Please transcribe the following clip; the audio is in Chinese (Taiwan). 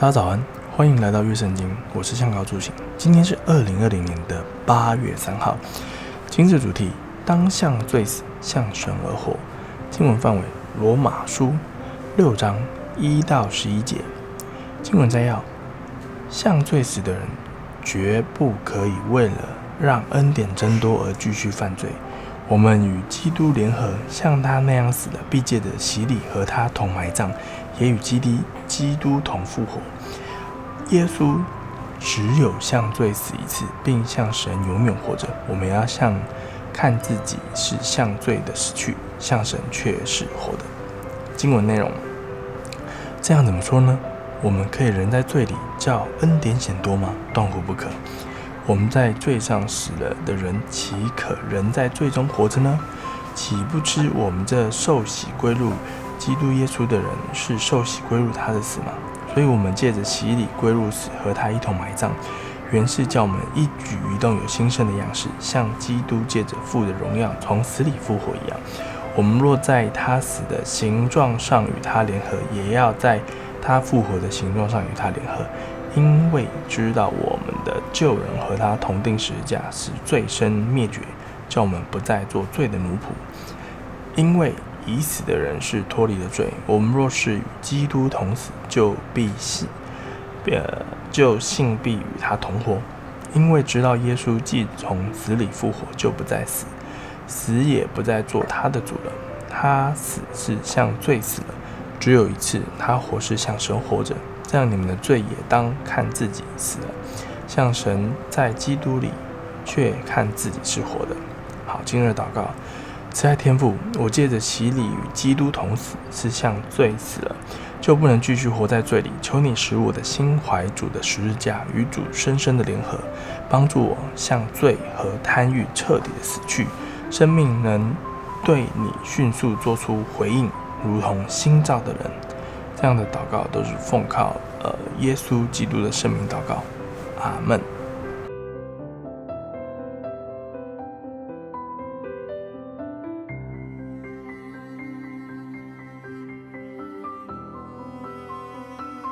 大家早，早安，歡迎來到樂聖經。我是向高柱行，今天是二零二零年的八月三號。今日主題：當向罪死，向神而活。經文範圍：羅馬書六章一到十一節。經文摘要：向罪死的人，絕不可以為了讓恩典增多而繼續犯罪。我們與基督聯合，像他那樣死的，必借着洗禮和他同埋葬，也與基督基督同復活。耶穌只有向罪死一次，並向神永遠活着。我們要像看自己是向罪的死去，向神卻是活的。經文內容這樣怎麼說呢？我們可以仍在罪裡，叫恩典顯多嗎？斷乎不可。我們在罪上死了的人，豈可仍在罪中活着呢？豈不知我們這受洗歸入基督耶穌的人，是受洗歸入他的死嗎？所以，我們借着洗禮歸入死，和他一同埋葬，原是叫我們一舉一動有新生的樣式，像基督借着父的榮耀從死裡復活一樣。我們若在他死的形狀上與他聯合，也要在。他復活的形狀上與他聯合，因為知道我們的舊人和他同釘十字架，是罪身滅絕，叫我們不再做罪的奴僕。因為已死的人是脫離了罪，我們若是與基督同死，就必死；呃，就信必與他同活。因為知道耶穌既從死裡復活，就不再死，死也不再做他的主人。他死是向罪死了。只有一次，他活是向神活著，這樣你們的罪也當看自己死了，向神在基督裡，卻看自己是活的。好，今日禱告，慈愛天父，我借着洗禮與基督同死，是向罪死了，就不能繼續活在罪裡。求你使我的心懷主的十字架與主深深的聯合，幫助我向罪和貪欲徹底的死去。生命能對你迅速做出回應。如同新造的人，這樣的禱告都是奉靠呃耶穌基督的聖名禱告，阿門。